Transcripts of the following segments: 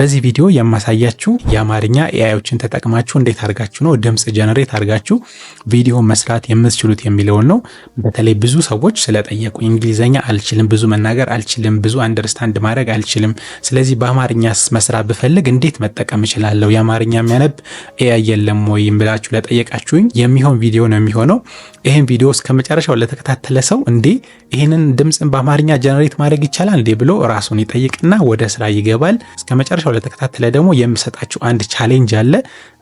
በዚህ ቪዲዮ የማሳያችሁ የአማርኛ ኤአይዎችን ተጠቅማችሁ እንዴት አድርጋችሁ ነው ድምፅ ጀነሬት አድርጋችሁ ቪዲዮ መስራት የምትችሉት የሚለውን ነው። በተለይ ብዙ ሰዎች ስለጠየቁ እንግሊዘኛ አልችልም፣ ብዙ መናገር አልችልም፣ ብዙ አንደርስታንድ ማድረግ አልችልም፣ ስለዚህ በአማርኛ መስራት ብፈልግ እንዴት መጠቀም እችላለሁ? የአማርኛ የሚያነብ ኤአይ የለም ወይም ብላችሁ ለጠየቃችሁኝ የሚሆን ቪዲዮ ነው የሚሆነው። ይህን ቪዲዮ እስከ መጨረሻው ለተከታተለ ሰው እንዴ ይህንን ድምፅን በአማርኛ ጀነሬት ማድረግ ይቻላል እንዴ ብሎ ራሱን ይጠይቅና ወደ ስራ ይገባል። እስከ እስከመጨረሻው ለተከታተለ ደግሞ የምሰጣችሁ አንድ ቻሌንጅ አለ።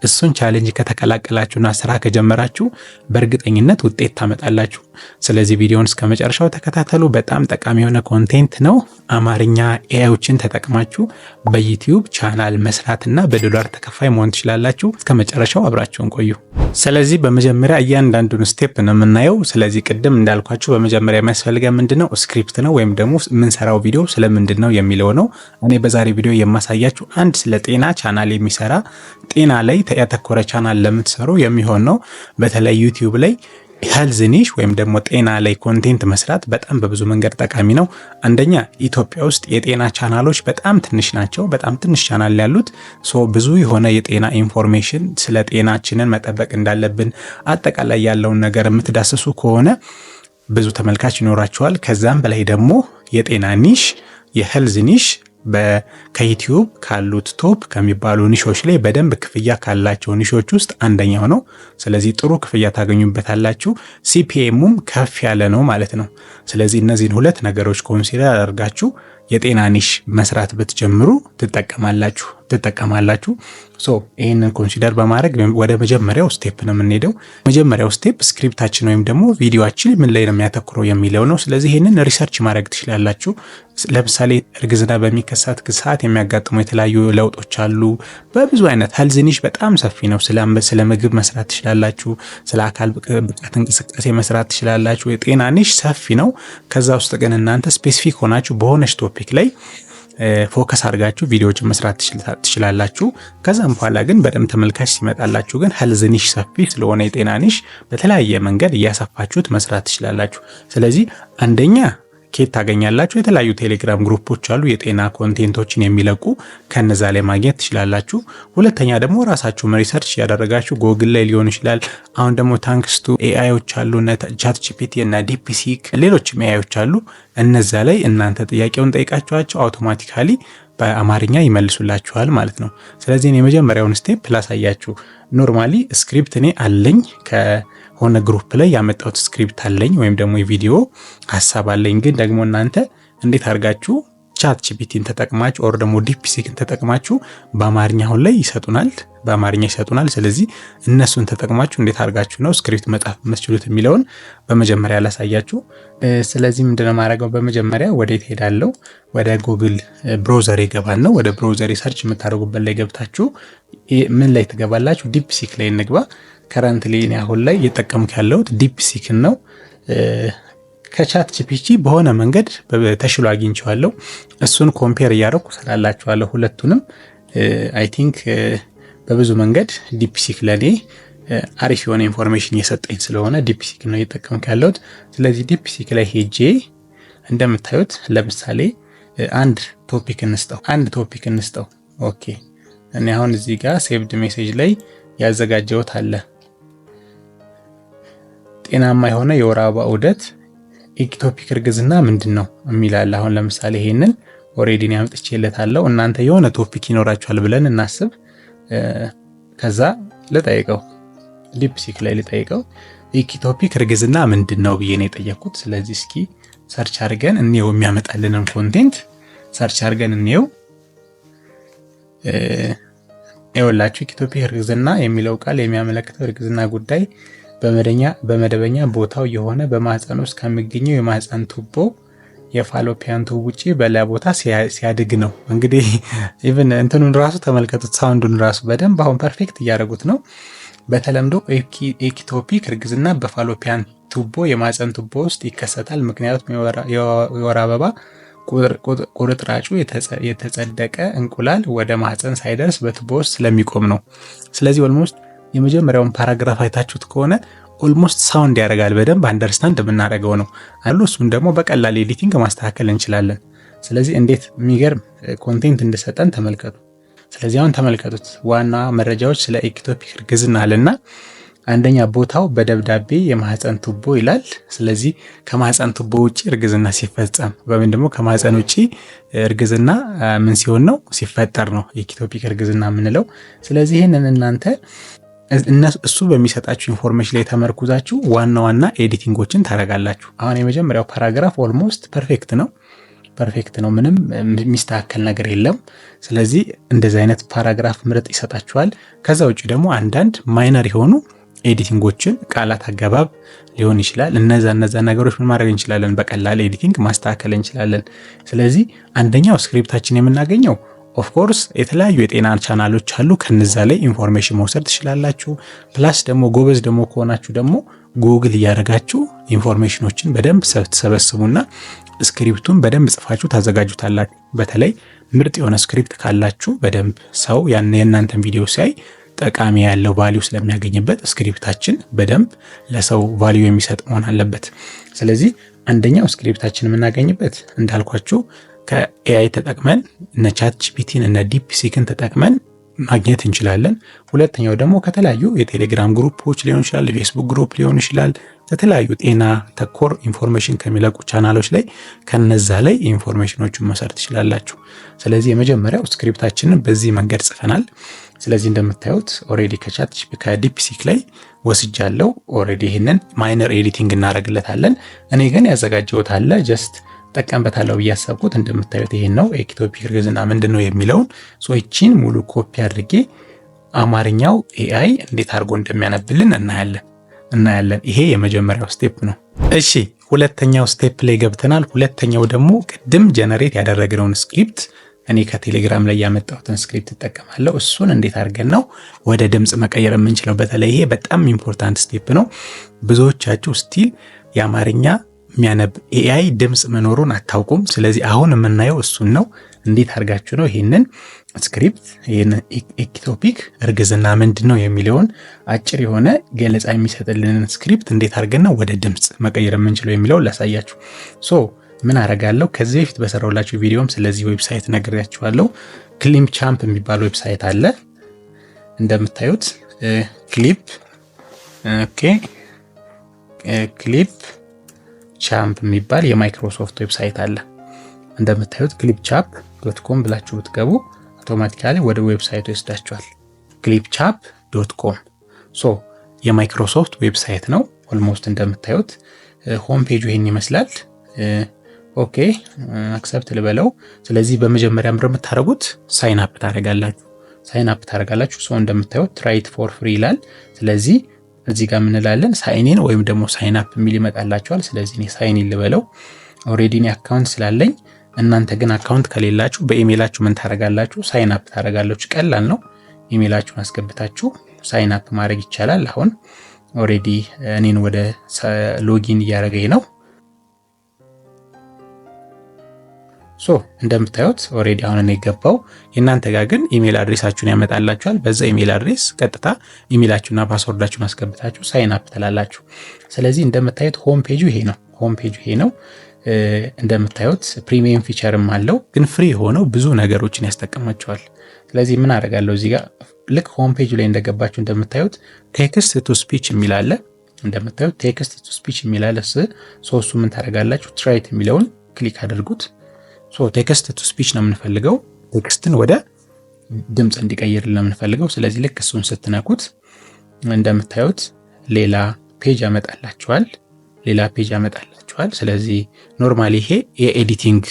እሱን ቻሌንጅ ከተቀላቀላችሁና ስራ ከጀመራችሁ በእርግጠኝነት ውጤት ታመጣላችሁ። ስለዚህ ቪዲዮን እስከ መጨረሻው ተከታተሉ። በጣም ጠቃሚ የሆነ ኮንቴንት ነው። አማርኛ ኤአዮችን ተጠቅማችሁ በዩቲዩብ ቻናል መስራትና በዶላር ተከፋይ መሆን ትችላላችሁ። እስከ መጨረሻው አብራችሁን ቆዩ። ስለዚህ በመጀመሪያ እያንዳንዱን ስቴፕ ነው የምናየው። ስለዚህ ቅድም እንዳልኳችሁ በመጀመሪያ የሚያስፈልገ ምንድነው ስክሪፕት ነው ወይም ደግሞ የምንሰራው ቪዲዮ ስለምንድን ነው የሚለው ነው። እኔ በዛሬ ቪዲዮ የማሳያችሁ አንድ ስለ ጤና ቻናል የሚሰራ ጤና ላይ ያተኮረ ቻናል ለምትሰሩ የሚሆን ነው። በተለይ ዩቲዩብ ላይ ሄልዝ ኒሽ ወይም ደግሞ ጤና ላይ ኮንቴንት መስራት በጣም በብዙ መንገድ ጠቃሚ ነው። አንደኛ ኢትዮጵያ ውስጥ የጤና ቻናሎች በጣም ትንሽ ናቸው። በጣም ትንሽ ቻናል ያሉት ሶ ብዙ የሆነ የጤና ኢንፎርሜሽን ስለ ጤናችንን መጠበቅ እንዳለብን አጠቃላይ ያለውን ነገር የምትዳስሱ ከሆነ ብዙ ተመልካች ይኖራቸዋል። ከዛም በላይ ደግሞ የጤና ኒሽ የሄልዝ ኒሽ ከዩቲዩብ ካሉት ቶፕ ከሚባሉ ኒሾች ላይ በደንብ ክፍያ ካላቸው ኒሾች ውስጥ አንደኛው ነው። ስለዚህ ጥሩ ክፍያ ታገኙበታላችሁ። ሲፒኤሙም ከፍ ያለ ነው ማለት ነው። ስለዚህ እነዚህን ሁለት ነገሮች ኮንሲደር አድርጋችሁ የጤና ኒሽ መስራት ብትጀምሩ ትጠቀማላችሁ። ትጠቀማላችሁ። ሶ ይህንን ኮንሲደር በማድረግ ወደ መጀመሪያው ስቴፕ ነው የምንሄደው። መጀመሪያው ስቴፕ ስክሪፕታችን ወይም ደግሞ ቪዲዮችን ምን ላይ ነው የሚያተኩረው የሚለው ነው። ስለዚህ ይህንን ሪሰርች ማድረግ ትችላላችሁ። ለምሳሌ እርግዝና በሚከሰት ሰዓት የሚያጋጥሙ የተለያዩ ለውጦች አሉ። በብዙ አይነት ሀልዝኒሽ በጣም ሰፊ ነው። ስለ ምግብ መስራት ትችላላችሁ። ስለ አካል ብቃት እንቅስቃሴ መስራት ትችላላችሁ። የጤና ኒሽ ሰፊ ነው። ከዛ ውስጥ ግን እናንተ ስፔሲፊክ ሆናችሁ በሆነች ቶፒክ ላይ ፎከስ አድርጋችሁ ቪዲዮዎችን መስራት ትችላላችሁ። ከዛም በኋላ ግን በደንብ ተመልካች ሲመጣላችሁ ግን ሄልዝ ኒሽ ሰፊ ስለሆነ የጤና ኒሽ በተለያየ መንገድ እያሰፋችሁት መስራት ትችላላችሁ። ስለዚህ አንደኛ ኬት ታገኛላችሁ። የተለያዩ ቴሌግራም ግሩፖች አሉ የጤና ኮንቴንቶችን የሚለቁ ከነዛ ላይ ማግኘት ትችላላችሁ። ሁለተኛ ደግሞ ራሳችሁም ሪሰርች ያደረጋችሁ ጎግል ላይ ሊሆን ይችላል። አሁን ደግሞ ታንክስቱ ኤአዮች አሉ እነ ቻት ጂፒቲ እና ዲፕሲክ ሌሎችም ኤአዮች አሉ። እነዛ ላይ እናንተ ጥያቄውን ጠይቃችኋቸው አውቶማቲካሊ በአማርኛ ይመልሱላችኋል ማለት ነው። ስለዚህ የመጀመሪያውን ስቴፕ ላሳያችሁ። ኖርማሊ ስክሪፕት እኔ አለኝ ከ ሆነ ግሩፕ ላይ ያመጣሁት ስክሪፕት አለኝ ወይም ደግሞ የቪዲዮ ሀሳብ አለኝ፣ ግን ደግሞ እናንተ እንዴት አድርጋችሁ ቻት ጂፒቲን ተጠቅማችሁ ኦር ደግሞ ዲፕሲክን ተጠቅማችሁ በአማርኛ አሁን ላይ ይሰጡናል፣ በአማርኛ ይሰጡናል። ስለዚህ እነሱን ተጠቅማችሁ እንዴት አድርጋችሁ ነው ስክሪፕት መጻፍ መስችሉት የሚለውን በመጀመሪያ ላሳያችሁ። ስለዚህ ምንድነው ማድረገው? በመጀመሪያ ወዴት ሄዳለው? ወደ ጉግል ብሮዘር ይገባል ነው። ወደ ብሮዘር ሰርች የምታደርጉበት ላይ ገብታችሁ ምን ላይ ትገባላችሁ? ዲፕሲክ ላይ እንግባ። ከረንትሊ እኔ አሁን ላይ እየጠቀምክ ያለሁት ሲክን ነው። ከቻት ጂፒቲ በሆነ መንገድ ተሽሎ አግኝቼዋለሁ። እሱን ኮምፔር እያደረኩ ስላላቸዋለሁ ሁለቱንም አይ ቲንክ በብዙ መንገድ ዲፕሲክ ለእኔ አሪፍ የሆነ ኢንፎርሜሽን እየሰጠኝ ስለሆነ ዲፕሲክ ነው እየጠቀምክ ያለሁት። ስለዚህ ዲፕሲክ ላይ ሄጄ እንደምታዩት ለምሳሌ አንድ ቶፒክ እንስጠው አንድ ቶፒክ እንስጠው። ኦኬ እኔ አሁን እዚህ ጋር ሴቭድ ሜሴጅ ላይ ያዘጋጀሁት አለ ጤናማ የሆነ የወር አበባ ዑደት ኤክቶፒክ እርግዝና ምንድን ነው የሚላል። አሁን ለምሳሌ ይሄንን ኦሬዲ እኔ አምጥቼለታለሁ። እናንተ የሆነ ቶፒክ ይኖራችኋል ብለን እናስብ። ከዛ ልጠይቀው ሊፕሲክ ላይ ልጠይቀው ኢክቶፒክ እርግዝና ምንድን ነው ብዬ ነው የጠየቅኩት። ስለዚህ እስኪ ሰርች አድርገን እንየው፣ የሚያመጣልንን ኮንቴንት ሰርች አድርገን እንየው። ይኸውላችሁ ኢክቶፒክ እርግዝና የሚለው ቃል የሚያመለክተው እርግዝና ጉዳይ በመደበኛ ቦታው የሆነ በማህፀን ውስጥ ከሚገኘው የማህፀን ቱቦ የፋሎፒያን ቱብ ውጪ በሌላ ቦታ ሲያድግ ነው። እንግዲህ ኢቭን እንትኑን ራሱ ተመልከቱት፣ ሳውንዱን ራሱ በደንብ አሁን ፐርፌክት እያደረጉት ነው። በተለምዶ ኤኪቶፒክ እርግዝና በፋሎፒያን ቱቦ የማህፀን ቱቦ ውስጥ ይከሰታል። ምክንያቱም የወር አበባ ቁርጥራጩ የተጸደቀ እንቁላል ወደ ማህፀን ሳይደርስ በቱቦ ውስጥ ስለሚቆም ነው። ስለዚህ ውስጥ የመጀመሪያውን ፓራግራፍ አይታችሁት ከሆነ ኦልሞስት ሳውንድ ያደርጋል። በደንብ አንደርስታንድ የምናደርገው ነው አሉ። እሱም ደግሞ በቀላል ኤዲቲንግ ማስተካከል እንችላለን። ስለዚህ እንዴት የሚገርም ኮንቴንት እንደሰጠን ተመልከቱ። ስለዚህ አሁን ተመልከቱት። ዋና መረጃዎች ስለ ኢክቶፒክ እርግዝና አለና አንደኛ ቦታው በደብዳቤ የማህፀን ቱቦ ይላል። ስለዚህ ከማህፀን ቱቦ ውጭ እርግዝና ሲፈጸም ወይም ደግሞ ከማህፀን ውጭ እርግዝና ምን ሲሆን ነው ሲፈጠር ነው ኢክቶፒክ እርግዝና የምንለው። ስለዚህ ይህንን እናንተ እሱ በሚሰጣችሁ ኢንፎርሜሽን ላይ ተመርኩዛችሁ ዋና ዋና ኤዲቲንጎችን ታደርጋላችሁ። አሁን የመጀመሪያው ፓራግራፍ ኦልሞስት ፐርፌክት ነው። ፐርፌክት ነው። ምንም የሚስተካከል ነገር የለም። ስለዚህ እንደዚህ አይነት ፓራግራፍ ምርጥ ይሰጣችኋል። ከዛ ውጭ ደግሞ አንዳንድ ማይነር የሆኑ ኤዲቲንጎችን ቃላት አገባብ ሊሆን ይችላል። እነዛ እነዛ ነገሮች ምን ማድረግ እንችላለን? በቀላል ኤዲቲንግ ማስተካከል እንችላለን። ስለዚህ አንደኛው ስክሪፕታችን የምናገኘው ኦፍኮርስ የተለያዩ የጤና ቻናሎች አሉ። ከነዛ ላይ ኢንፎርሜሽን መውሰድ ትችላላችሁ። ፕላስ ደግሞ ጎበዝ ደግሞ ከሆናችሁ ደግሞ ጉግል እያደረጋችሁ ኢንፎርሜሽኖችን በደንብ ትሰበስቡና ስክሪፕቱን በደንብ ጽፋችሁ ታዘጋጁታላችሁ። በተለይ ምርጥ የሆነ ስክሪፕት ካላችሁ በደንብ ሰው ያን የእናንተን ቪዲዮ ሲያይ ጠቃሚ ያለው ቫሊዩ ስለሚያገኝበት ስክሪፕታችን በደንብ ለሰው ቫሊዩ የሚሰጥ መሆን አለበት። ስለዚህ አንደኛው ስክሪፕታችን የምናገኝበት እንዳልኳችሁ ከኤአይ ተጠቅመን እነ ቻት ጂፒቲን እነ ዲፕሲክን ተጠቅመን ማግኘት እንችላለን። ሁለተኛው ደግሞ ከተለያዩ የቴሌግራም ግሩፖች ሊሆን ይችላል፣ የፌስቡክ ግሩፕ ሊሆን ይችላል። ከተለያዩ ጤና ተኮር ኢንፎርሜሽን ከሚለቁ ቻናሎች ላይ ከነዛ ላይ ኢንፎርሜሽኖቹን መውሰድ ትችላላችሁ። ስለዚህ የመጀመሪያው ስክሪፕታችንን በዚህ መንገድ ጽፈናል። ስለዚህ እንደምታዩት ኦሬዲ ከቻት ከዲፕሲክ ላይ ወስጃለሁ። ኦሬዲ ይህንን ማይነር ኤዲቲንግ እናደርግለታለን። እኔ ግን ያዘጋጀሁት አለ ጀስት እጠቀምበታለሁ ብዬ አሰብኩት እንደምታዩት ይሄን ነው። ኤክቶፒክ እርግዝና ምንድን ነው የሚለውን ሶችን ሙሉ ኮፒ አድርጌ አማርኛው ኤአይ እንዴት አድርጎ እንደሚያነብልን እናያለን እናያለን። ይሄ የመጀመሪያው ስቴፕ ነው። እሺ ሁለተኛው ስቴፕ ላይ ገብተናል። ሁለተኛው ደግሞ ቅድም ጀነሬት ያደረግነውን ስክሪፕት እኔ ከቴሌግራም ላይ ያመጣሁትን ስክሪፕት እጠቀማለሁ። እሱን እንዴት አድርገን ነው ወደ ድምፅ መቀየር የምንችለው? በተለይ ይሄ በጣም ኢምፖርታንት ስቴፕ ነው። ብዙዎቻችሁ ስቲል የአማርኛ የሚያነብ ኤአይ ድምፅ መኖሩን አታውቁም። ስለዚህ አሁን የምናየው እሱን ነው። እንዴት አድርጋችሁ ነው ይህንን ስክሪፕት ኢክቶፒክ እርግዝና ምንድን ነው የሚለውን አጭር የሆነ ገለጻ የሚሰጥልንን ስክሪፕት እንዴት አድርገን ነው ወደ ድምፅ መቀየር የምንችለው የሚለውን ላሳያችሁ። ሶ ምን አረጋለሁ? ከዚህ በፊት በሰራሁላችሁ ቪዲዮም ስለዚህ ዌብሳይት ነግሬያችኋለሁ። ክሊፕ ቻምፕ የሚባል ዌብሳይት አለ። እንደምታዩት ክሊፕ ኦኬ ክሊፕ ቻምፕ የሚባል የማይክሮሶፍት ዌብሳይት አለ። እንደምታዩት ክሊፕ ቻፕ ዶት ኮም ብላችሁ ብትገቡ አውቶማቲካሊ ወደ ዌብሳይቱ ይወስዳችኋል። ክሊፕ ቻፕ ዶት ኮም ሶ የማይክሮሶፍት ዌብሳይት ነው። ኦልሞስት እንደምታዩት ሆም ፔጅ ይህን ይመስላል። ኦኬ አክሰፕት ልበለው። ስለዚህ በመጀመሪያ ምር የምታደርጉት ሳይን አፕ ታደርጋላችሁ ሳይን አፕ ታደርጋላችሁ። ሰው እንደምታዩት ትራይት ፎር ፍሪ ይላል። ስለዚህ እዚህ ጋር ምንላለን ሳይኒን ወይም ደግሞ ሳይን አፕ የሚል ይመጣላቸዋል። ስለዚህ እኔ ሳይን ልበለው። ኦሬዲ እኔ አካውንት ስላለኝ እናንተ ግን አካውንት ከሌላችሁ በኢሜይላችሁ ምን ታረጋላችሁ? ሳይን አፕ ታረጋላችሁ። ቀላል ነው። ኢሜይላችሁን አስገብታችሁ ሳይን አፕ ማድረግ ይቻላል። አሁን ኦሬዲ እኔን ወደ ሎጊን እያደረገኝ ነው። ሶ እንደምታዩት ኦሬዲ አሁን እኔ የገባው የእናንተ ጋር ግን ኢሜል አድሬሳችሁን ያመጣላችኋል። በዛ ኢሜል አድሬስ ቀጥታ ኢሜላችሁና ፓስወርዳችሁን አስገብታችሁ ሳይን አፕ ትላላችሁ። ስለዚህ እንደምታዩት ሆም ፔጁ ይሄ ነው። ሆም ፔጁ ይሄ ነው። እንደምታዩት ፕሪሚየም ፊቸርም አለው፣ ግን ፍሪ የሆነው ብዙ ነገሮችን ያስጠቅማቸዋል። ስለዚህ ምን አደርጋለሁ እዚህ ጋር ልክ ሆም ፔጁ ላይ እንደገባችሁ እንደምታዩት ቴክስት ቱ ስፒች የሚል አለ። እንደምታዩት ቴክስት ቱ ስፒች የሚል አለ። እሱ ምን ታደርጋላችሁ? ትራይት የሚለውን ክሊክ አድርጉት። ቴክስት ቱ ስፒች ነው የምንፈልገው። ቴክስትን ወደ ድምፅ እንዲቀይር የምንፈልገው ስለዚህ ልክ እሱን ስትነኩት እንደምታዩት ሌላ ፔጅ ያመጣላችኋል። ሌላ ፔጅ ያመጣላችኋል። ስለዚህ ኖርማሊ ይሄ የኤዲቲንግ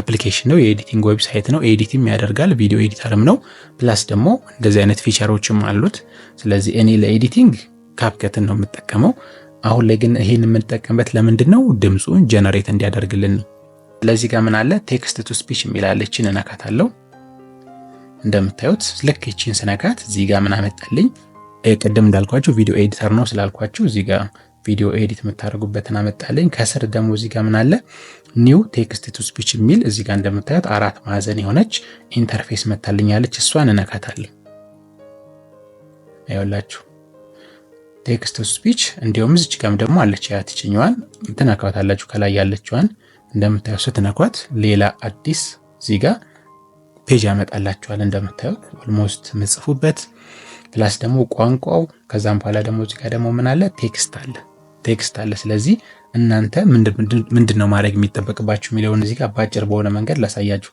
አፕሊኬሽን ነው፣ የኤዲቲንግ ዌብሳይት ነው። ኤዲትም ያደርጋል፣ ቪዲዮ ኤዲተርም ነው። ፕላስ ደግሞ እንደዚህ አይነት ፊቸሮችም አሉት። ስለዚህ እኔ ለኤዲቲንግ ካፕከትን ነው የምጠቀመው። አሁን ላይ ግን ይሄን የምንጠቀምበት ለምንድን ነው? ድምፁን ጀነሬት እንዲያደርግልን ነው። ለዚህ ጋር ምን አለ ቴክስት ቱ ስፒች የሚላል እቺን እነካታለሁ። እንደምታዩት ልክ እቺን ስነካት እዚህ ጋር ምን አመጣልኝ? ቅድም እንዳልኳችሁ ቪዲዮ ኤዲተር ነው ስላልኳችሁ እዚህ ጋር ቪዲዮ ኤዲት የምታደርጉበትን አመጣልኝ። ከስር ደግሞ እዚህ ጋር ምን አለ ኒው ቴክስት ቱ ስፒች የሚል እዚህ ጋር እንደምታዩት አራት ማዕዘን የሆነች ኢንተርፌስ መታልኛለች። እሷን እነካታለሁ። አይወላችሁ ቴክስት ቱ ስፒች እንዲሁም እዚች ጋም ደግሞ አለች ያትችኛዋን ትነካታላችሁ ከላይ ያለችዋን እንደምታዩት ስትነኳት ሌላ አዲስ ዚጋ ፔጅ ያመጣላችኋል። እንደምታዩት ኦልሞስት ምጽፉበት ፕላስ ደግሞ ቋንቋው ከዛም በኋላ ደግሞ እዚጋ ደግሞ ምን አለ ቴክስት አለ ቴክስት አለ። ስለዚህ እናንተ ምንድን ነው ማድረግ የሚጠበቅባችሁ የሚለውን እዚጋ በአጭር በሆነ መንገድ ላሳያችሁ።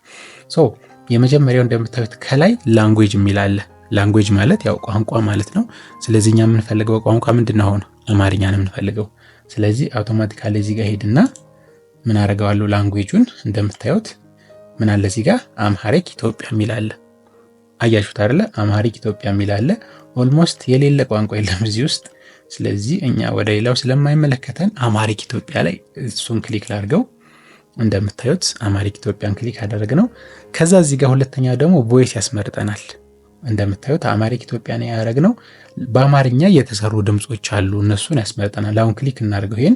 ሶ የመጀመሪያው እንደምታዩት ከላይ ላንጉዌጅ የሚል አለ። ላንጉዌጅ ማለት ያው ቋንቋ ማለት ነው። ስለዚህ እኛ የምንፈልገው ቋንቋ ምንድን ነው? አማርኛ ነው የምንፈልገው። ስለዚህ አውቶማቲካሊ እዚጋ ሄድና ምን አደርገዋለሁ ላንጉዌጁን እንደምታዩት ምን አለ እዚህ ጋር አምሃሪክ ኢትዮጵያ የሚል አለ። አያችሁት አይደለ? አምሃሪክ ኢትዮጵያ የሚል አለ። ኦልሞስት የሌለ ቋንቋ የለም እዚህ ውስጥ። ስለዚህ እኛ ወደ ሌላው ስለማይመለከተን አማሪክ ኢትዮጵያ ላይ እሱን ክሊክ ላድርገው። እንደምታዩት አማሪክ ኢትዮጵያን ክሊክ አደረግነው። ከዛ እዚህ ጋር ሁለተኛ ደግሞ ቮይስ ያስመርጠናል። እንደምታዩት አማሪክ ኢትዮጵያን ያደረግነው በአማርኛ የተሰሩ ድምጾች አሉ፣ እነሱን ያስመርጠናል። አሁን ክሊክ እናደርገው ይሄን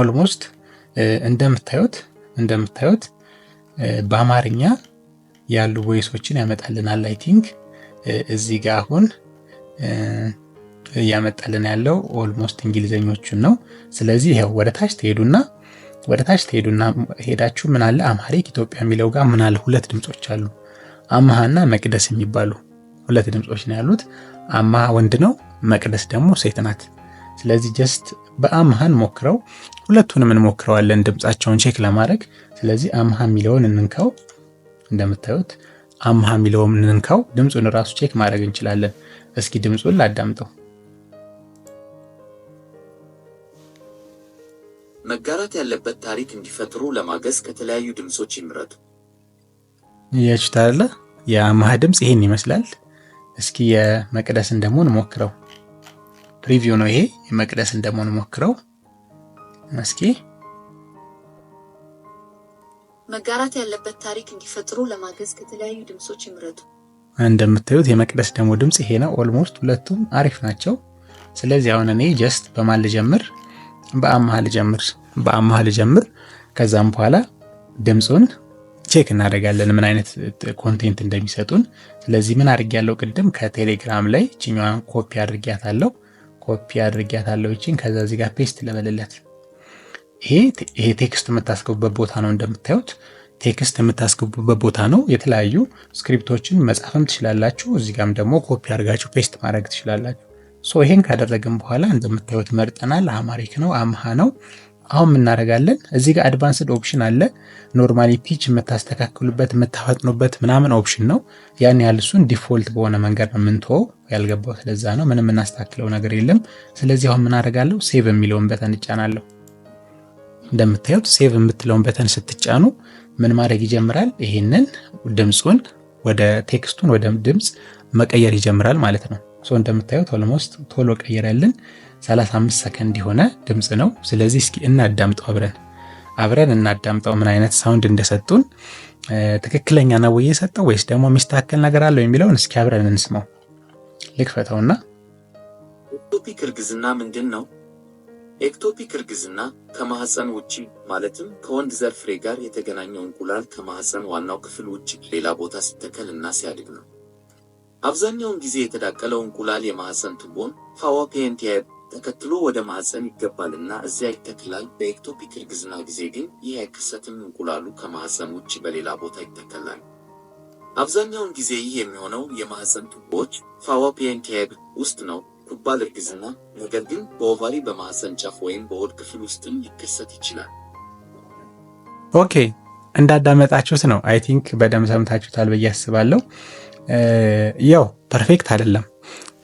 ኦልሞስት እንደምታዩት እንደምታዩት በአማርኛ ያሉ ቮይሶችን ያመጣልናል። አይ ቲንክ እዚህ ጋር አሁን እያመጣልን ያለው ኦልሞስት እንግሊዘኞቹን ነው። ስለዚህ ይኸው ወደ ታች ትሄዱና ወደ ታች ትሄዱና ሄዳችሁ ምን አለ አማሪክ ኢትዮጵያ የሚለው ጋር ምን አለ ሁለት ድምጾች አሉ። አማሃና መቅደስ የሚባሉ ሁለት ድምጾች ነው ያሉት። አማ ወንድ ነው፣ መቅደስ ደግሞ ሴት ናት። ስለዚህ ጀስት በአምሃን ሞክረው ሁለቱንም እንሞክረዋለን ድምፃቸውን ቼክ ለማድረግ። ስለዚህ አምሃ የሚለውን እንንካው። እንደምታዩት አምሃ የሚለውን እንንካው። ድምፁን ራሱ ቼክ ማድረግ እንችላለን። እስኪ ድምፁን ላዳምጠው። መጋራት ያለበት ታሪክ እንዲፈጥሩ ለማገዝ ከተለያዩ ድምፆች ይምረጡ። ያችታለ የአምሃ ድምፅ ይሄን ይመስላል። እስኪ የመቅደስን ደግሞ እንሞክረው። ሪቪው ነው ይሄ የመቅደስ እንደመሆን ሞክረው መስኪ መጋራት ያለበት ታሪክ እንዲፈጥሩ ለማገዝ ከተለያዩ ድምጾች ይምረጡ። እንደምታዩት የመቅደስ ደግሞ ድምፅ ይሄ ነው። ኦልሞስት ሁለቱም አሪፍ ናቸው። ስለዚህ አሁን እኔ ጀስት በማን ልጀምር? በአማህ ልጀምር፣ በአማህ ልጀምር። ከዛም በኋላ ድምጹን ቼክ እናደርጋለን ምን አይነት ኮንቴንት እንደሚሰጡን። ስለዚህ ምን አድርጌያለሁ? ቅድም ከቴሌግራም ላይ ችኛዋን ኮፒ አድርጌያታለሁ። ኮፒ አድርጊያታለሁ ይቺን። ከዛ እዚህ ጋር ፔስት ለበልለት። ይሄ ቴክስት የምታስገቡበት ቦታ ነው። እንደምታዩት ቴክስት የምታስገቡበት ቦታ ነው። የተለያዩ ስክሪፕቶችን መጻፍም ትችላላችሁ። እዚህ ጋም ደግሞ ኮፒ አድርጋችሁ ፔስት ማድረግ ትችላላችሁ። ሶ ይሄን ካደረግን በኋላ እንደምታዩት መርጠናል። አማሪክ ነው፣ አምሃ ነው። አሁን እናደርጋለን እዚህ ጋር አድቫንስድ ኦፕሽን አለ። ኖርማሊ ፒች የምታስተካክሉበት የምታፈጥኑበት ምናምን ኦፕሽን ነው። ያን ያህል እሱን ዲፎልት በሆነ መንገድ ነው የምንተወው። ያልገባው ስለዛ ነው። ምንም የምናስተካክለው ነገር የለም። ስለዚህ አሁን ምናደርጋለሁ ሴቭ የሚለውን በተን እጫናለሁ። እንደምታዩት ሴቭ የምትለውን በተን ስትጫኑ ምን ማድረግ ይጀምራል? ይሄንን ድምፁን ወደ ቴክስቱን ወደ ድምፅ መቀየር ይጀምራል ማለት ነው። ሶ እንደምታዩት ኦልሞስት ቶሎ ቀየረልን። 35 ሰከንድ የሆነ ድምፅ ነው። ስለዚህ እስኪ እናዳምጠው አብረን አብረን እናዳምጠው ምን አይነት ሳውንድ እንደሰጡን ትክክለኛ ነው ወይ የሰጠው ወይስ ደግሞ የሚስተካከል ነገር አለው የሚለውን እስኪ አብረን እንስማው። ልክፈተውና ኤክቶፒክ እርግዝና ምንድን ነው? ኤክቶፒክ እርግዝና ከማህፀን ውጪ ማለትም ከወንድ ዘር ፍሬ ጋር የተገናኘው እንቁላል ከማህፀን ዋናው ክፍል ውጪ ሌላ ቦታ ሲተከል እና ሲያድግ ነው። አብዛኛውን ጊዜ የተዳቀለው እንቁላል የማህፀን ቱቦን ፋዋፔንቲየር ተከትሎ ወደ ማህፀን ይገባልና እዚያ ይተክላል። በኤክቶፒክ እርግዝና ጊዜ ግን ይህ አይከሰትም። እንቁላሉ ከማዕፀን ውጭ በሌላ ቦታ ይተከላል። አብዛኛውን ጊዜ ይህ የሚሆነው የማዕፀን ቱቦዎች ፋሎፒያን ቲዩብ ውስጥ ነው። ኩባል እርግዝና ነገር ግን በኦቫሪ በማዕፀን ጫፍ ወይም በሆድ ክፍል ውስጥም ሊከሰት ይችላል። ኦኬ እንዳዳመጣችሁት ነው። አይ ቲንክ በደንብ ሰምታችሁታል ብዬ አስባለሁ። ያው ፐርፌክት አይደለም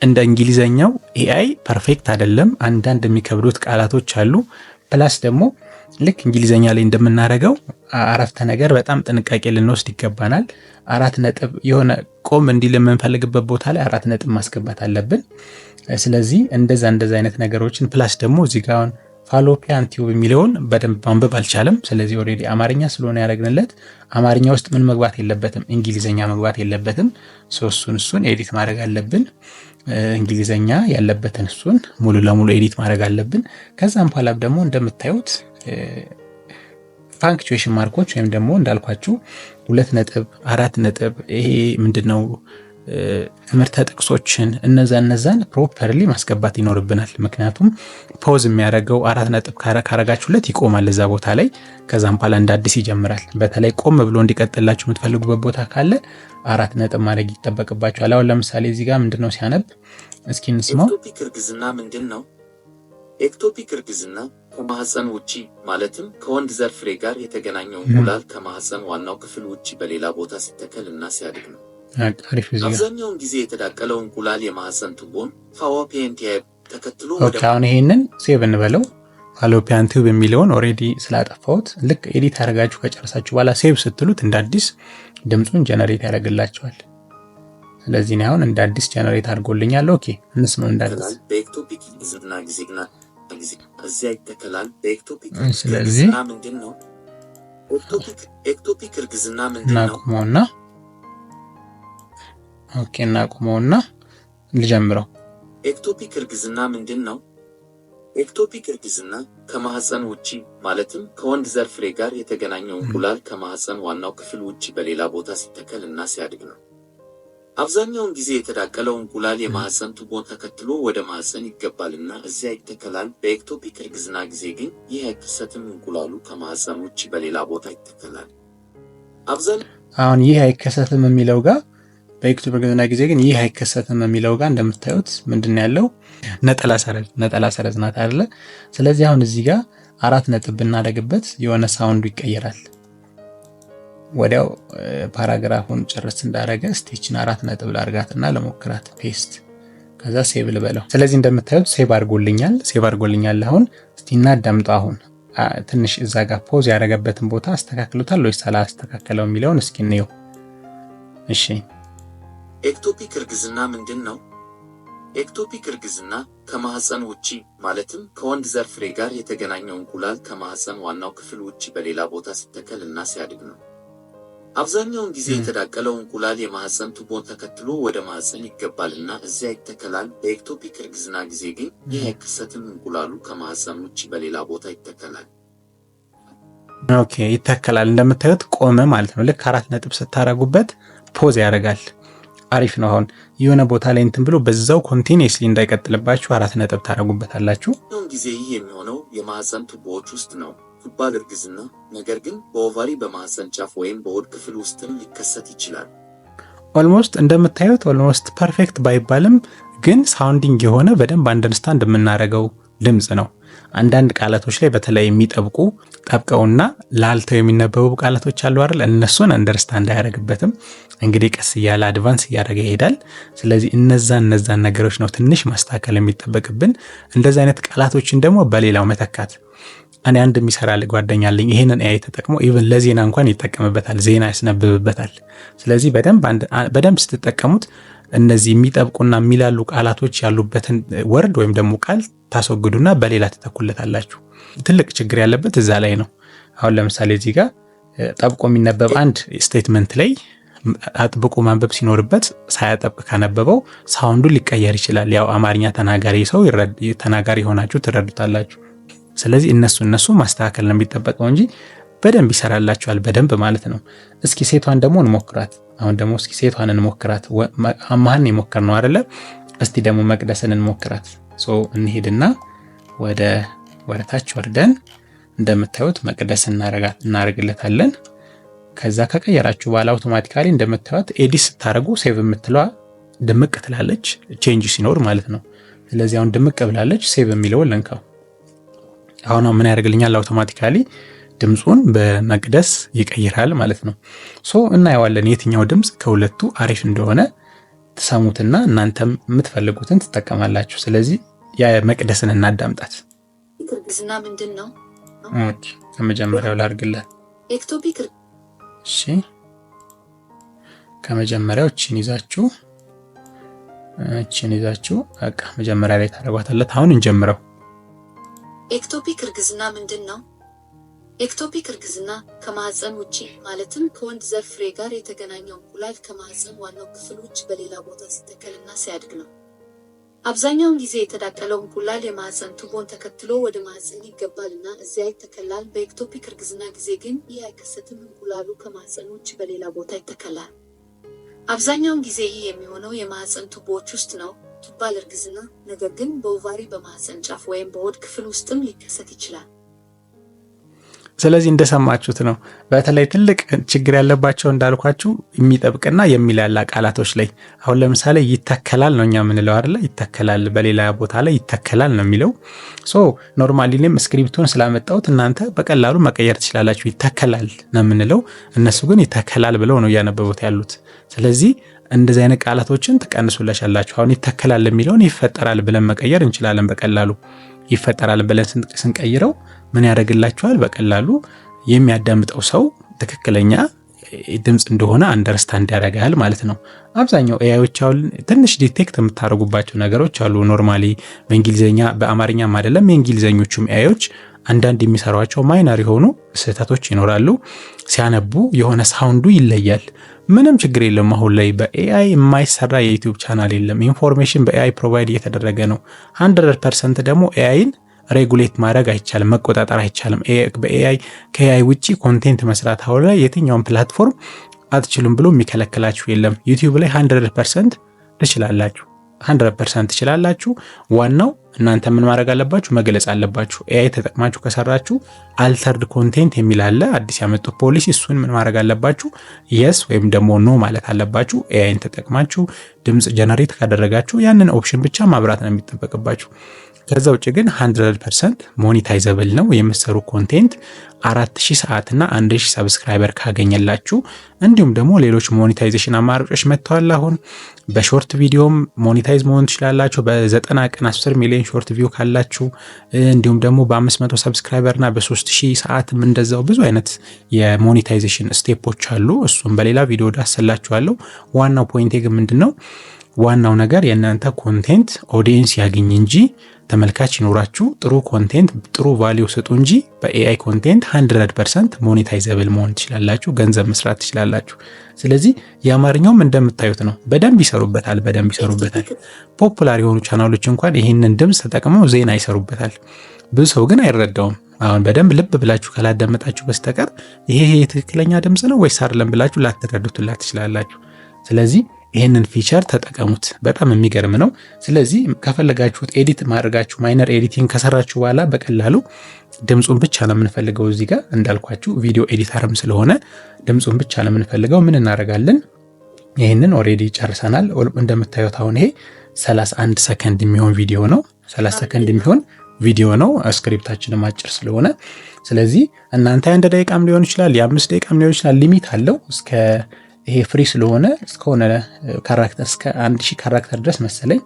እንደ እንግሊዘኛው ኤአይ ፐርፌክት አይደለም። አንዳንድ የሚከብዱት ቃላቶች አሉ። ፕላስ ደግሞ ልክ እንግሊዘኛ ላይ እንደምናደርገው አረፍተ ነገር በጣም ጥንቃቄ ልንወስድ ይገባናል። አራት ነጥብ የሆነ ቆም እንዲል የምንፈልግበት ቦታ ላይ አራት ነጥብ ማስገባት አለብን። ስለዚህ እንደዛ እንደዛ አይነት ነገሮችን ፕላስ ደግሞ እዚህ ጋ አሁን ፋሎፒያን ቲዩብ የሚለውን በደንብ ማንበብ አልቻለም። ስለዚህ ኦልሬዲ አማርኛ ስለሆነ ያደረግንለት አማርኛ ውስጥ ምን መግባት የለበትም፣ እንግሊዘኛ መግባት የለበትም። እሱን እሱን ኤዲት ማድረግ አለብን። እንግሊዘኛ ያለበትን እሱን ሙሉ ለሙሉ ኤዲት ማድረግ አለብን። ከዛም በኋላ ደግሞ እንደምታዩት ፓንክቹዌሽን ማርኮች ወይም ደግሞ እንዳልኳችሁ ሁለት ነጥብ አራት ነጥብ ይሄ ምንድን ነው ትምህርተ ጥቅሶችን እነዛ እነዛን ፕሮፐርሊ ማስገባት ይኖርብናል። ምክንያቱም ፖዝ የሚያደርገው አራት ነጥብ ካረጋችሁለት ይቆማል እዛ ቦታ ላይ። ከዛም በኋላ እንደ አዲስ ይጀምራል። በተለይ ቆም ብሎ እንዲቀጥላችሁ የምትፈልጉበት ቦታ ካለ አራት ነጥብ ማድረግ ይጠበቅባቸዋል። አሁን ለምሳሌ እዚህ ጋር ምንድን ነው ሲያነብ እስኪ እንስማው። ኤክቶፒክ እርግዝና ምንድን ነው? ኤክቶፒክ እርግዝና ከማህፀን ውጪ ማለትም ከወንድ ዘር ፍሬ ጋር የተገናኘው እንቁላል ከማህፀን ዋናው ክፍል ውጪ በሌላ ቦታ ሲተከል እና ሲያድግ ነው። አብዛኛውን ጊዜ የተዳቀለው እንቁላል የማህፀን ቱቦን ፋሎፒያን ተከትሎ ወደ አሁን ይሄንን ሴቭ እንበለው። ፋሎፒያን ቲዩብ የሚለውን ኦሬዲ ስላጠፋሁት ልክ ኤዲት አድርጋችሁ ከጨረሳችሁ በኋላ ሴቭ ስትሉት እንደ አዲስ ድምፁን ጀነሬት ያደርግላችኋል። ስለዚህ ነው አሁን እንደ አዲስ ጀነሬት አድርጎልኛል። ኦኬ እንስማው እንደ አዲስ በኤክቶፒክ ኤክቶፒክ እርግዝና ምንድን ነው? ኦኬ እናቁመውና ልጀምረው። ኤክቶፒክ እርግዝና ምንድን ነው? ኤክቶፒክ እርግዝና ከማህፀን ውጪ ማለትም ከወንድ ዘር ፍሬ ጋር የተገናኘው እንቁላል ከማህፀን ዋናው ክፍል ውጪ በሌላ ቦታ ሲተከል እና ሲያድግ ነው። አብዛኛውን ጊዜ የተዳቀለው እንቁላል የማህፀን ቱቦን ተከትሎ ወደ ማህፀን ይገባልና እዚያ ይተከላል። በኤክቶፒክ እርግዝና ጊዜ ግን ይህ አይከሰትም። እንቁላሉ ከማህፀን ውጭ በሌላ ቦታ ይተከላል። አብዛኛው አሁን ይህ አይከሰትም የሚለው ጋር በኢኩቲ በእርግዝና ጊዜ ግን ይህ አይከሰትም የሚለው ጋር እንደምታዩት ምንድን ያለው ነጠላ ሰረዝ ነጠላ ሰረዝ ናት አይደለ? ስለዚህ አሁን እዚህ ጋር አራት ነጥብ ብናደርግበት የሆነ ሳውንዱ ይቀየራል። ወዲያው ፓራግራፉን ጨርስ እንዳደረገ ስቴችን አራት ነጥብ እና ለሞክራት ፔስት፣ ከዛ ሴቭ ልበለው። ስለዚህ እንደምታዩት ሴቭ አድርጎልኛል፣ ሴቭ አድርጎልኛል። አሁን እስቲ እናዳምጠው አሁን ትንሽ እዛ ጋር ፖዝ ያደረገበትን ቦታ አስተካክሎታል ወይስ አላስተካከለው የሚለውን እስኪ እንየው። እሺ ኤክቶፒክ እርግዝና ምንድን ነው? ኤክቶፒክ እርግዝና ከማህፀን ውጪ ማለትም ከወንድ ዘር ፍሬ ጋር የተገናኘው እንቁላል ከማህፀን ዋናው ክፍል ውጪ በሌላ ቦታ ሲተከል እና ሲያድግ ነው። አብዛኛውን ጊዜ የተዳቀለው እንቁላል የማህፀን ቱቦን ተከትሎ ወደ ማህፀን ይገባልና እዚያ ይተከላል። በኤክቶፒክ እርግዝና ጊዜ ግን ይህ አይከሰትም። እንቁላሉ ከማህፀን ውጭ በሌላ ቦታ ይተከላል። ኦኬ፣ ይተከላል። እንደምታዩት ቆመ ማለት ነው። ልክ አራት ነጥብ ስታረጉበት ፖዝ ያደርጋል። አሪፍ ነው። አሁን የሆነ ቦታ ላይ እንትን ብሎ በዛው ኮንቲኒስሊ እንዳይቀጥልባችሁ አራት ነጥብ ታደርጉበታላችሁ። ሁን ጊዜ ይህ የሚሆነው የማህፀን ቱቦዎች ውስጥ ነው። ከባድ እርግዝና ነገር ግን በኦቫሪ በማህፀን ጫፍ ወይም በሆድ ክፍል ውስጥም ሊከሰት ይችላል። ኦልሞስት እንደምታዩት ኦልሞስት ፐርፌክት ባይባልም ግን ሳውንዲንግ የሆነ በደንብ አንደርስታንድ የምናደርገው ድምፅ ነው። አንዳንድ ቃላቶች ላይ በተለይ የሚጠብቁ ጠብቀውና ላልተው የሚነበቡ ቃላቶች አሉ አይደል? እነሱን አንደርስታንድ አያደርግበትም። እንግዲህ ቀስ እያለ አድቫንስ እያደረገ ይሄዳል። ስለዚህ እነዛን እነዛን ነገሮች ነው ትንሽ ማስተካከል የሚጠበቅብን። እንደዚህ አይነት ቃላቶችን ደግሞ በሌላው መተካት። እኔ አንድ የሚሰራ ጓደኛ ይህንን ኤአይ ተጠቅሞ ኢቨን ለዜና እንኳን ይጠቀምበታል፣ ዜና ያስነብብበታል። ስለዚህ በደንብ ስትጠቀሙት እነዚህ የሚጠብቁና የሚላሉ ቃላቶች ያሉበትን ወርድ ወይም ደግሞ ቃል ታስወግዱና በሌላ ትተኩለታላችሁ። ትልቅ ችግር ያለበት እዛ ላይ ነው። አሁን ለምሳሌ እዚህ ጋር ጠብቆ የሚነበብ አንድ ስቴትመንት ላይ አጥብቆ ማንበብ ሲኖርበት ሳያጠብቅ ካነበበው ሳውንዱ ሊቀየር ይችላል። ያው አማርኛ ተናጋሪ ሰው ተናጋሪ የሆናችሁ ትረዱታላችሁ። ስለዚህ እነሱ እነሱ ማስተካከል ነው የሚጠበቀው እንጂ በደንብ ይሰራላችኋል። በደንብ ማለት ነው። እስኪ ሴቷን ደግሞ እንሞክራት። አሁን ደግሞ እስኪ ሴቷን እንሞክራት። አማህን የሞከር ነው አደለ? እስቲ ደግሞ መቅደስን እንሞክራት። ሶ እንሄድና ወደ ወረታች ወርደን እንደምታዩት መቅደስ እናደርግለታለን። ከዛ ከቀየራችሁ በኋላ አውቶማቲካሊ እንደምታዩት ኤዲት ስታደርጉ ሴቭ የምትለዋ ድምቅ ትላለች፣ ቼንጅ ሲኖር ማለት ነው። ስለዚህ አሁን ድምቅ ብላለች። ሴቭ የሚለውን ለንካው። አሁን ምን ያደርግልኛል አውቶማቲካሊ ድምፁን በመቅደስ ይቀይራል ማለት ነው። ሶ እናየዋለን የትኛው ድምፅ ከሁለቱ አሪፍ እንደሆነ ትሰሙትና እናንተም የምትፈልጉትን ትጠቀማላችሁ። ስለዚህ የመቅደስን እናዳምጣት። እርግዝና ምንድን ነው? ከመጀመሪያው ላርግላት። ኤክቶፒክ እሺ፣ ከመጀመሪያው እችን ይዛችሁ እችን ይዛችሁ በቃ መጀመሪያ ላይ ታደርጓታለት። አሁን እንጀምረው። ኤክቶፒክ እርግዝና ምንድን ነው? ኤክቶፒክ እርግዝና ከማህፀን ውጪ ማለትም ከወንድ ዘር ፍሬ ጋር የተገናኘው እንቁላል ከማህፀን ዋናው ክፍል ውጭ በሌላ ቦታ ሲተከልና ሲያድግ ነው። አብዛኛውን ጊዜ የተዳቀለው እንቁላል የማህፀን ቱቦን ተከትሎ ወደ ማህፀን ይገባልና እዚያ ይተከላል። በኤክቶፒክ እርግዝና ጊዜ ግን ይህ አይከሰትም። እንቁላሉ ከማህፀን ውጭ በሌላ ቦታ ይተከላል። አብዛኛውን ጊዜ ይህ የሚሆነው የማህፀን ቱቦዎች ውስጥ ነው። ቱባል እርግዝና ነገር ግን በኦቫሪ በማህፀን ጫፍ ወይም በሆድ ክፍል ውስጥም ሊከሰት ይችላል። ስለዚህ እንደሰማችሁት ነው። በተለይ ትልቅ ችግር ያለባቸው እንዳልኳችሁ የሚጠብቅና የሚላላ ቃላቶች ላይ አሁን ለምሳሌ ይተከላል ነው እኛ የምንለው አይደለ? ይተከላል በሌላ ቦታ ላይ ይተከላል ነው የሚለው። ሶ ኖርማሊ እኔም ስክሪፕቱን ስላመጣሁት እናንተ በቀላሉ መቀየር ትችላላችሁ። ይተከላል ነው የምንለው፣ እነሱ ግን ይተከላል ብለው ነው እያነበቡት ያሉት። ስለዚህ እንደዚህ አይነት ቃላቶችን ትቀንሱላሻላችሁ። አሁን ይተከላል የሚለውን ይፈጠራል ብለን መቀየር እንችላለን በቀላሉ ይፈጠራል ብለን ስንቀይረው ምን ያደርግላቸዋል በቀላሉ የሚያዳምጠው ሰው ትክክለኛ ድምፅ እንደሆነ አንደርስታንድ ያደርጋል ማለት ነው። አብዛኛው ኤአዮች አሁን ትንሽ ዲቴክት የምታደርጉባቸው ነገሮች አሉ። ኖርማሊ በእንግሊዝኛ በአማርኛም አይደለም የእንግሊዝኞቹም ኤአዮች አንዳንድ የሚሰሯቸው ማይነር የሆኑ ስህተቶች ይኖራሉ። ሲያነቡ የሆነ ሳውንዱ ይለያል። ምንም ችግር የለም። አሁን ላይ በኤአይ የማይሰራ የዩቲዩብ ቻናል የለም። ኢንፎርሜሽን በኤአይ ፕሮቫይድ እየተደረገ ነው። 100 ፐርሰንት ደግሞ ኤአይን ሬጉሌት ማድረግ አይቻልም፣ መቆጣጠር አይቻልም። በኤአይ ከኤአይ ውጭ ኮንቴንት መስራት አሁን ላይ የትኛውን ፕላትፎርም አትችሉም ብሎ የሚከለክላችሁ የለም። ዩቲዩብ ላይ 100 ፐርሰንት ትችላላችሁ፣ 100 ፐርሰንት ትችላላችሁ። ዋናው እናንተ ምን ማድረግ አለባችሁ? መግለጽ አለባችሁ። ኤአይ ተጠቅማችሁ ከሰራችሁ አልተርድ ኮንቴንት የሚል አለ፣ አዲስ ያመጡ ፖሊሲ። እሱን ምን ማድረግ አለባችሁ? የስ ወይም ደግሞ ኖ ማለት አለባችሁ። ኤአይን ተጠቅማችሁ ድምፅ ጀነሬት ካደረጋችሁ ያንን ኦፕሽን ብቻ ማብራት ነው የሚጠበቅባችሁ። ከዛ ውጭ ግን 100 ፐርሰንት ሞኒታይዘብል ነው። የምትሰሩ ኮንቴንት 4000 ሰዓት እና 1000 ሰብስክራይበር ካገኘላችሁ፣ እንዲሁም ደግሞ ሌሎች ሞኒታይዜሽን አማራጮች መጥተዋል። አሁን በሾርት ቪዲዮም ሞኒታይዝ መሆን ትችላላችሁ። በ90 ቀን 10 ሚሊዮን ሾርት ቪው ካላችሁ፣ እንዲሁም ደግሞ በ500 ሰብስክራይበር እና በ3000 ሰዓትም እንደዛው ብዙ አይነት የሞኒታይዜሽን ስቴፖች አሉ። እሱም በሌላ ቪዲዮ ዳሰላችኋለሁ። ዋናው ፖይንቴ ግን ምንድን ነው? ዋናው ነገር የእናንተ ኮንቴንት ኦዲየንስ ያገኝ እንጂ ተመልካች ይኖራችሁ ጥሩ ኮንቴንት ጥሩ ቫሊዩ ስጡ እንጂ በኤአይ ኮንቴንት 100 ፐርሰንት ሞኔታይዘብል መሆን ትችላላችሁ፣ ገንዘብ መስራት ትችላላችሁ። ስለዚህ የአማርኛውም እንደምታዩት ነው። በደንብ ይሰሩበታል፣ በደንብ ይሰሩበታል። ፖፑላር የሆኑ ቻናሎች እንኳን ይህንን ድምፅ ተጠቅመው ዜና ይሰሩበታል። ብዙ ሰው ግን አይረዳውም። አሁን በደንብ ልብ ብላችሁ ካላዳመጣችሁ በስተቀር ይሄ ትክክለኛ ድምፅ ነው ወይስ አይደለም ብላችሁ ላትረዱትላት ትችላላችሁ። ስለዚህ ይህንን ፊቸር ተጠቀሙት። በጣም የሚገርም ነው። ስለዚህ ከፈለጋችሁት ኤዲት ማድረጋችሁ ማይነር ኤዲቲንግ ከሰራችሁ በኋላ በቀላሉ ድምፁን ብቻ ነው የምንፈልገው። እዚህ ጋር እንዳልኳችሁ ቪዲዮ ኤዲተርም ስለሆነ ድምፁን ብቻ ነው የምንፈልገው። ምን እናደርጋለን? ይህንን ኦሬዲ ጨርሰናል። እንደምታዩት አሁን ይሄ 31 ሰከንድ የሚሆን ቪዲዮ ነው። 30 ሰከንድ የሚሆን ቪዲዮ ነው። ስክሪፕታችንም አጭር ስለሆነ ስለዚህ እናንተ የአንድ ደቂቃም ሊሆን ይችላል፣ የአምስት ደቂቃም ሊሆን ይችላል። ሊሚት አለው እስከ ይሄ ፍሪ ስለሆነ እስከሆነ ካራክተር እስከ 1000 ካራክተር ድረስ መሰለኝ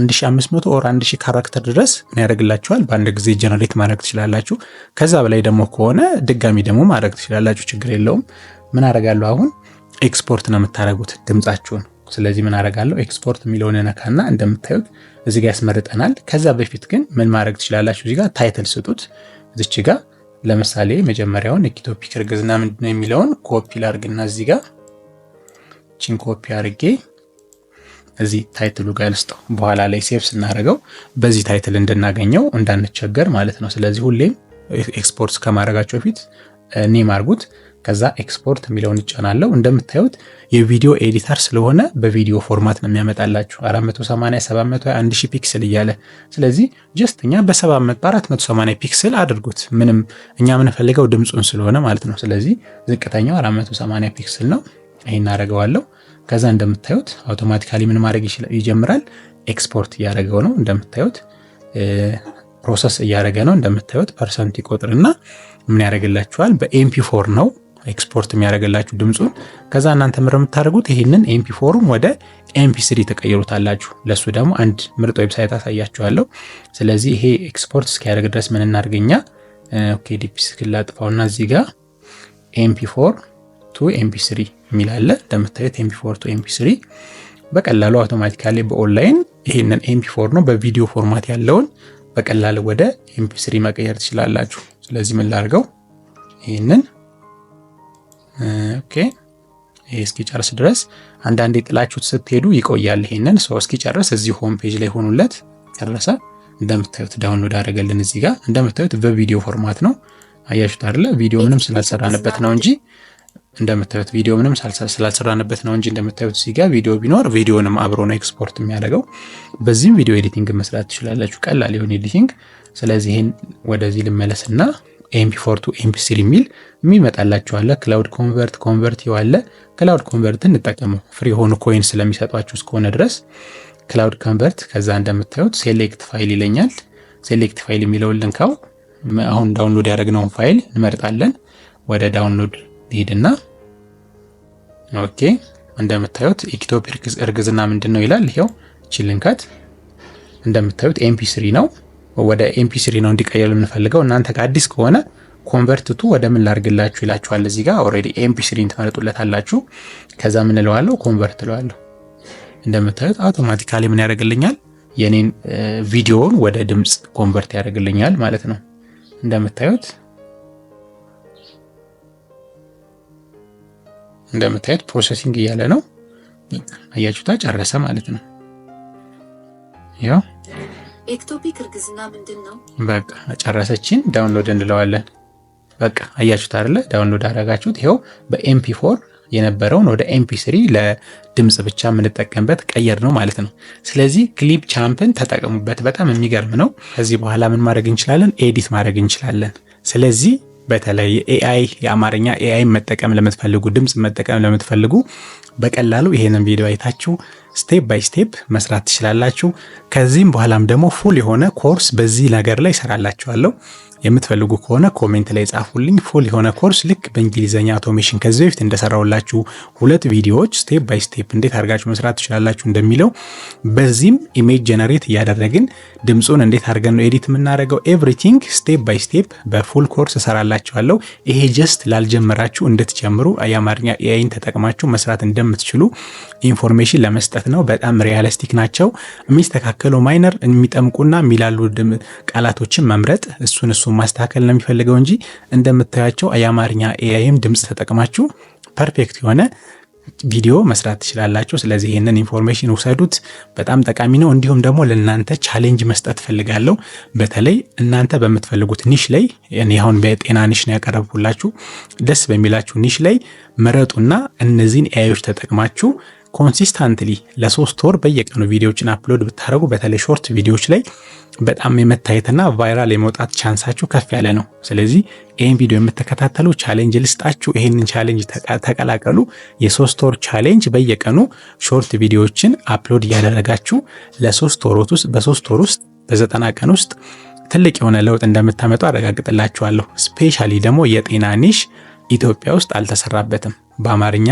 1500 ኦር 1000 ካራክተር ድረስ ምን ያደርግላችኋል በአንድ ጊዜ ጀነሬት ማድረግ ትችላላችሁ። ከዛ በላይ ደግሞ ከሆነ ድጋሚ ደግሞ ማድረግ ትችላላችሁ። ችግር የለውም። ምን አደርጋለሁ አሁን ኤክስፖርት ነው የምታደርጉት ድምጻችሁን። ስለዚህ ምን አደርጋለሁ ኤክስፖርት የሚለውን ነካና እንደምታዩት እዚህ ጋር ያስመርጠናል። ከዛ በፊት ግን ምን ማድረግ ትችላላችሁ? እዚህ ጋር ታይትል ስጡት። እዚች ጋር ለምሳሌ መጀመሪያውን የኢትዮፒክ እርግዝና ምንድነው የሚለውን ኮፒ ላርግና እዚህ ጋር ቺን ኮፒ አድርጌ እዚህ ታይትሉ ጋር ልስጠው። በኋላ ላይ ሴቭ ስናደርገው በዚህ ታይትል እንድናገኘው እንዳንቸገር ማለት ነው። ስለዚህ ሁሌም ኤክስፖርት ከማድረጋቸው በፊት ኔም አድርጉት። ከዛ ኤክስፖርት የሚለውን ይጫናለው። እንደምታዩት የቪዲዮ ኤዲተር ስለሆነ በቪዲዮ ፎርማት ነው የሚያመጣላችሁ 480 720 1000 ፒክስል እያለ ስለዚህ ጀስት እኛ በ480 ፒክስል አድርጉት። ምንም እኛ የምንፈልገው ድምፁን ስለሆነ ማለት ነው። ስለዚህ ዝቅተኛው 480 ፒክስል ነው። ይሄን አደርገዋለሁ። ከዛ እንደምታዩት አውቶማቲካሊ ምን ማድረግ ይጀምራል? ኤክስፖርት እያደረገው ነው እንደምታዩት ፕሮሰስ እያደረገ ነው እንደምታዩት። ፐርሰንት ይቆጥርና ምን ያደረግላችኋል? በኤምፒ ፎር ነው ኤክስፖርት የሚያደርግላችሁ ድምፁን። ከዛ እናንተ ምር የምታደርጉት ይህንን ኤምፒ ፎሩም ወደ ኤምፒ ስሪ ተቀይሩታላችሁ። ለእሱ ደግሞ አንድ ምርጥ ዌብሳይት አሳያችኋለሁ። ስለዚህ ይሄ ኤክስፖርት እስኪያደርግ ድረስ ምን እናድርገኛ? ኦኬ ዲፒ ስክል እዚህ ጋር ኤምፒ ፎር ቱ ኤምፒ ስሪ የሚል አለ። እንደምታዩት ኤምፒ ፎር ቱ ኤምፒ ስሪ በቀላሉ አውቶማቲካሊ በኦንላይን ይህንን ኤምፒ ፎር ነው በቪዲዮ ፎርማት ያለውን በቀላል ወደ ኤምፒ ስሪ መቀየር ትችላላችሁ። ስለዚህ ምን ላድርገው ይህንን ኦኬ ይሄ እስኪጨርስ ድረስ አንዳንዴ ጥላችሁት ስትሄዱ ይቆያል። ይሄንን ሰው እስኪጨርስ እዚህ ሆም ፔጅ ላይ ሆኑለት ጨረሰ። እንደምታዩት ዳውንሎድ አደረገልን እዚህ ጋር እንደምታዩት በቪዲዮ ፎርማት ነው። አያችሁት አይደለ? ቪዲዮ ምንም ስላልሰራንበት ነው እንጂ እንደምታዩት ቪዲዮ ምንም ስላልሰራንበት ነው እንጂ እንደምታዩት እዚህ ጋር ቪዲዮ ቢኖር ቪዲዮንም አብሮ ነው ኤክስፖርት የሚያደርገው። በዚህም ቪዲዮ ኤዲቲንግ መስራት ትችላላችሁ፣ ቀላል የሆነ ኤዲቲንግ። ስለዚህ ይህን ወደዚህ ልመለስና ኤምፒ ፎር ቱ ኤምፒ ስሪ የሚል የሚመጣላችሁ አለ። ክላውድ ኮንቨርት ኮንቨርት ይዋለ ክላውድ ኮንቨርት እንጠቀመው ፍሪ የሆኑ ኮይን ስለሚሰጧችሁ እስከሆነ ድረስ ክላውድ ኮንቨርት። ከዛ እንደምታዩት ሴሌክት ፋይል ይለኛል። ሴሌክት ፋይል የሚለውን ልንካው። አሁን ዳውንሎድ ያደረግነውን ፋይል እንመርጣለን። ወደ ዳውንሎድ ሄድና ኦኬ እንደምታዩት ኢክቶፒክ እርግዝና ምንድን ነው ይላል። ይሄው ቺልንካት እንደምታዩት ኤምፒ ስሪ ነው ወደ ኤምፒ ስሪ ነው እንዲቀየር የምንፈልገው። እናንተ ከአዲስ ከሆነ ኮንቨርትቱ ወደ ምን ላርግላችሁ ይላችኋል። እዚህ ጋር ኦልሬዲ ኤምፒ ስሪን ትመርጡለት አላችሁ። ከዛ ምን እለዋለሁ ኮንቨርት እለዋለሁ። እንደምታዩት አውቶማቲካሊ ምን ያደርግልኛል የኔን ቪዲዮውን ወደ ድምፅ ኮንቨርት ያደርግልኛል ማለት ነው እንደምታዩት እንደምታዩት ፕሮሰሲንግ እያለ ነው። አያችሁታ ጨረሰ ማለት ነው። ያው ኤክቶፒክ እርግዝና ምንድን ነው? በቃ ጨረሰችን። ዳውንሎድ እንለዋለን። በቃ አያችሁት አይደለ? ዳውንሎድ አደረጋችሁት። ይኸው በኤምፒ ፎር የነበረውን ወደ ኤምፒ ስሪ ለድምፅ ብቻ የምንጠቀምበት ቀየር ነው ማለት ነው። ስለዚህ ክሊፕ ቻምፕን ተጠቀሙበት። በጣም የሚገርም ነው። ከዚህ በኋላ ምን ማድረግ እንችላለን? ኤዲት ማድረግ እንችላለን። ስለዚህ በተለይ ኤአይ የአማርኛ ኤአይ መጠቀም ለምትፈልጉ ድምፅ መጠቀም ለምትፈልጉ በቀላሉ ይሄንን ቪዲዮ አይታችሁ ስቴፕ ባይ ስቴፕ መስራት ትችላላችሁ። ከዚህም በኋላም ደግሞ ፉል የሆነ ኮርስ በዚህ ነገር ላይ እሰራላችኋለሁ። የምትፈልጉ ከሆነ ኮሜንት ላይ ጻፉልኝ። ፉል የሆነ ኮርስ ልክ በእንግሊዘኛ አውቶሜሽን ከዚህ በፊት እንደሰራውላችሁ ሁለት ቪዲዮዎች ስቴፕ ባይ ስቴፕ እንዴት አድርጋችሁ መስራት ትችላላችሁ እንደሚለው በዚህም ኢሜጅ ጀነሬት እያደረግን ድምፁን እንዴት አድርገን ነው ኤዲት የምናደርገው ኤቭሪቲንግ ስቴፕ ባይ ስቴፕ በፉል ኮርስ እሰራላችኋለሁ። ይሄ ጀስት ላልጀመራችሁ እንድትጀምሩ የአማርኛ ኤአይን ተጠቅማችሁ መስራት እንደምትችሉ ኢንፎርሜሽን ለመስጠት ነው። በጣም ሪያሊስቲክ ናቸው። የሚስተካከለው ማይነር የሚጠምቁና የሚላሉ ቃላቶችን መምረጥ እሱን እሱ ራሱን ማስተካከል ነው የሚፈልገው እንጂ እንደምታያቸው የአማርኛ ኤአይም ድምፅ ተጠቅማችሁ ፐርፌክት የሆነ ቪዲዮ መስራት ትችላላችሁ። ስለዚህ ይህንን ኢንፎርሜሽን ውሰዱት፣ በጣም ጠቃሚ ነው። እንዲሁም ደግሞ ለእናንተ ቻሌንጅ መስጠት ፈልጋለሁ። በተለይ እናንተ በምትፈልጉት ኒሽ ላይ እኔ አሁን በጤና ኒሽ ነው ያቀረብኩላችሁ። ደስ በሚላችሁ ኒሽ ላይ ምረጡና እነዚህን ኤአዮች ተጠቅማችሁ ኮንሲስታንትሊ ለሶስት ወር በየቀኑ ቪዲዮዎችን አፕሎድ ብታደረጉ በተለይ ሾርት ቪዲዮዎች ላይ በጣም የመታየትና ቫይራል የመውጣት ቻንሳችሁ ከፍ ያለ ነው። ስለዚህ ይህን ቪዲዮ የምትከታተሉ ቻሌንጅ ልስጣችሁ። ይህንን ቻሌንጅ ተቀላቀሉ። የሶስት ወር ቻሌንጅ በየቀኑ ሾርት ቪዲዮዎችን አፕሎድ እያደረጋችሁ ለሶስት ወሮት ውስጥ በሶስት ወር ውስጥ በዘጠና ቀን ውስጥ ትልቅ የሆነ ለውጥ እንደምታመጡ አረጋግጥላችኋለሁ። ስፔሻሊ ደግሞ የጤና ኒሽ ኢትዮጵያ ውስጥ አልተሰራበትም። በአማርኛ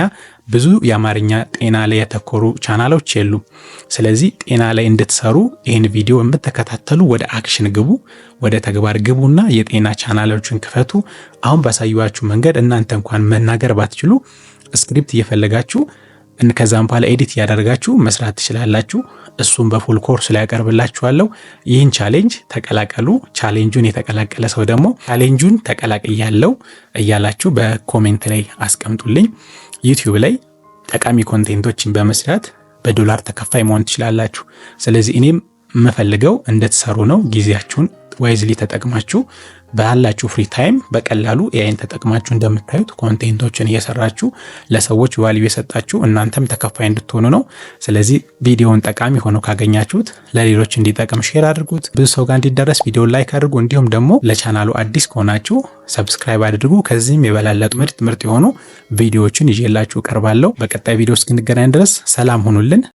ብዙ የአማርኛ ጤና ላይ ያተኮሩ ቻናሎች የሉም። ስለዚህ ጤና ላይ እንድትሰሩ ይህን ቪዲዮ የምትከታተሉ ወደ አክሽን ግቡ፣ ወደ ተግባር ግቡና የጤና ቻናሎችን ክፈቱ። አሁን ባሳዩችሁ መንገድ እናንተ እንኳን መናገር ባትችሉ ስክሪፕት እየፈለጋችሁ ከዛም በኋላ ኤዲት እያደረጋችሁ መስራት ትችላላችሁ። እሱም በፉል ኮርስ ላይ ያቀርብላችኋለሁ። ይህን ቻሌንጅ ተቀላቀሉ። ቻሌንጁን የተቀላቀለ ሰው ደግሞ ቻሌንጁን ተቀላቅያለው እያላችሁ በኮሜንት ላይ አስቀምጡልኝ። ዩቲዩብ ላይ ጠቃሚ ኮንቴንቶችን በመስራት በዶላር ተከፋይ መሆን ትችላላችሁ። ስለዚህ እኔም የምፈልገው እንደተሰሩ ነው። ጊዜያችሁን ዋይዝሊ ተጠቅማችሁ ባላችሁ ፍሪ ታይም በቀላሉ ኤአይን ተጠቅማችሁ እንደምታዩት ኮንቴንቶችን እየሰራችሁ ለሰዎች ቫልዩ የሰጣችሁ እናንተም ተከፋይ እንድትሆኑ ነው። ስለዚህ ቪዲዮውን ጠቃሚ ሆኖ ካገኛችሁት ለሌሎች እንዲጠቅም ሼር አድርጉት። ብዙ ሰው ጋር እንዲደረስ ቪዲዮን ላይክ አድርጉ። እንዲሁም ደግሞ ለቻናሉ አዲስ ከሆናችሁ ሰብስክራይብ አድርጉ። ከዚህም የበላለጡ ምርጥ ምርጥ የሆኑ ቪዲዮዎችን ይዤላችሁ ቀርባለሁ። በቀጣይ ቪዲዮ እስክንገናኝ ድረስ ሰላም ሁኑልን።